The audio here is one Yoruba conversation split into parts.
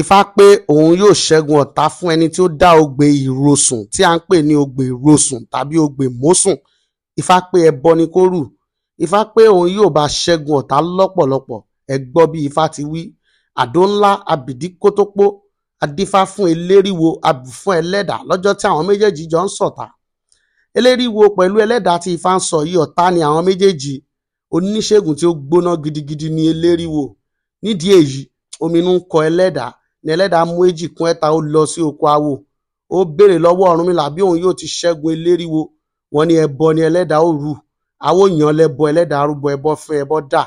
Ifá pé òun yóò ṣẹ́gun ọ̀tá fún ẹni tí ó dá ogbè ìrosùn tí à ń pè ní ogbè ìrosùn tàbí ogbè ìmosùn. Ifá pé ẹbọ ni kó rù. Ifá pé òun yóò bá ṣẹ́gun ọ̀tá lọ́pọ̀lọpọ̀. Ẹ gbọ́ bí Ifá ti wí. Àdó ńlá abìdí kótópó adífá fún eléríwo abì fún lọ́jọ́ tí àwọn méjèèjì jọ ń ṣọ̀tá. Eléríwo pẹ̀lú ẹlẹ́dàá tí Ifá ń sọ yìí ọ̀tá ni àwọn méjèèjì. Oníṣègùn tí ó gbóná gidigidi ni eléríwo. Nídìí èyí, ominú ń kọ ẹlẹ́dàá ni ẹlẹ́dàá mú èjì kún ẹ̀ta ó lọ sí oko awo ó béèrè lọ́wọ́ Ọ̀rúnmìlà bí òun yóò ti ṣẹ́gun eléríwo wọn ni ẹbọ ni ẹlẹ́dàá ó rù àwo yàn lẹ́bọ ẹlẹ́dàá rúbọ ẹbọ fẹ́ ẹbọ dà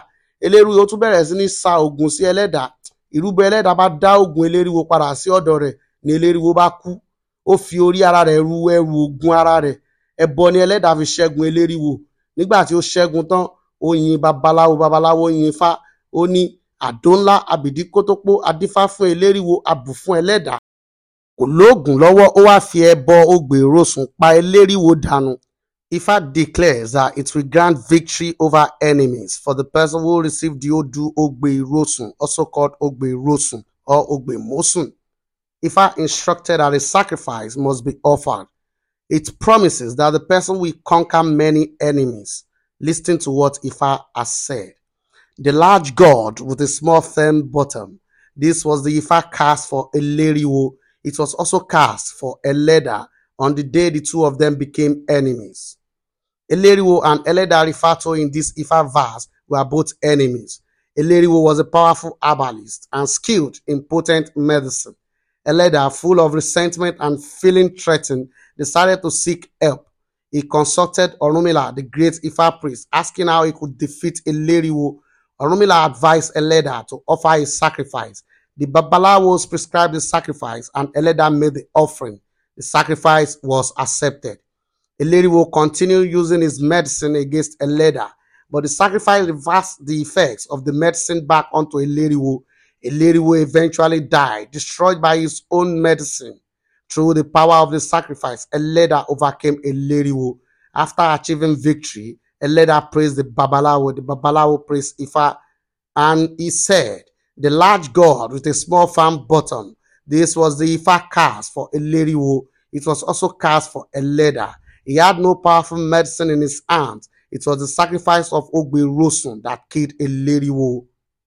eléríwo tún bẹ̀rẹ̀ sí ní sa oògùn sí ẹlẹ́dàá ìrúbọ ẹlẹ́dàá bá dá oògùn eléríwo padà sí ọ̀dọ̀ rẹ̀ ni eléríwo bá kú ó fi orí ara rẹ̀ ru ẹrù oògùn ara rẹ̀ ẹbọ ni ẹlẹ́dàá fi ṣẹ́gun eléríwo nígbà tí ó ṣẹ́gun tán ó yin babaláwo babaláwo yin ifá ó ní àdóńlá abìdí adífá fún eléríwo abù fún ẹlẹ́dàá kò lóògùn lọ́wọ́ ó wáá fi ẹbọ ogbèrò sùn pa eléríwo dànù Ifá declares that it will grant victory over enemies for the person who received the Odu Ogbe Irosun, also called Ogbe Irosun or Ogbe Mosun. Ifá instructed that a sacrifice must be offered. It promises that the person will conquer many enemies. Listen to what Ifá has said. The large god with a small thin bottom. This was the Ifa cast for Eleriwo. It was also cast for Eleda on the day the two of them became enemies. Eleriwo and Eleda referred to in this Ifa verse were both enemies. Eleriwo was a powerful herbalist and skilled in potent medicine. Eleda, full of resentment and feeling threatened, decided to seek help. He consulted Onumila, the great Ifa priest, asking how he could defeat Eleriwo Orunmila advised Eleda to offer a sacrifice. The Babalawos prescribed the sacrifice and Eleda made the offering. The sacrifice was accepted. will continued using his medicine against Eleda, but the sacrifice reversed the effects of the medicine back onto Eleriwo. Eleriwo eventually died, destroyed by his own medicine. Through the power of the sacrifice, Eleda overcame Eleriwo. After achieving victory, Eleda praised the Babalawo, the Babalawo praised Ifa, and he said, The large god with a small firm bottom. This was the Ifa cast for Eleriwo. It was also cast for Eleda. He had no powerful medicine in his hands. It was the sacrifice of Ogbe Rosun that killed Eleriwo.